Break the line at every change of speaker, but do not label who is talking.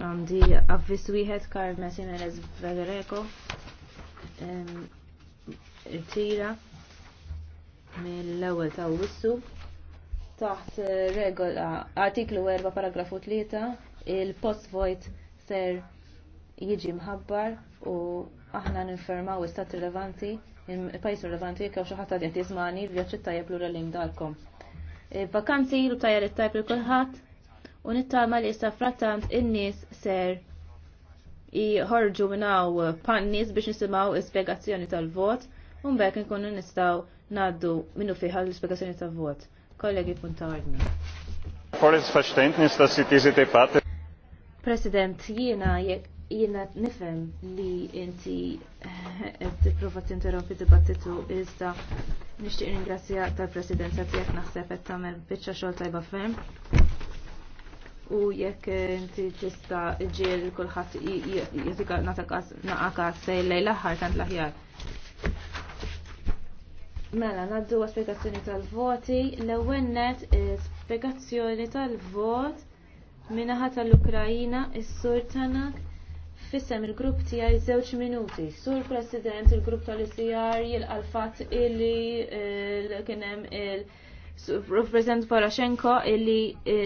Għandi avvis wieħed Karl Vegreko il tira mill-ewwel ta' wissu taħt regola artiklu 4 paragrafu 3 il-post void ser jiġi mħabbar u aħna ninfermaw istat rilevanti il-pajis rilevanti kaw xi ħadd qed vjaċċi vjaġġi tajjeb lura l-imdalkom. E, vakanzi u tajjeb it-tajb li kulħadd u nittama li issa frattant in-nies ser jħorġu minnaw pan-nies biex nisimaw ispjegazzjoni tal-vot u mbagħad nkunu nistgħu ngħaddu minnu fiħal l-ispjegazzjoni tal-vot. Kollegi punta ordni. President, jiena jiena nifhem li inti eh, tipprova tinterrompi dibattitu iżda nixtieq ringrazzja tal-presidenza tiegħek naħseb et tagħmel biċċa xogħol tajba ferm u jekk inti tista ġiel kulħadd jagħtika naqakas lejn l-aħħar tant l-aħjar. Mela, naddu spiegazzjoni tal-voti, l-ewwel net eh, spiegazzjoni tal-vot minaħa tal-Ukrajina is-sur Tanak fissem il-grupp tiegħi żewġ minuti. Sur President il-grupp tal-ICR jilqal qalfat illi eh, kien hemm il-President Poroshenko illi eh,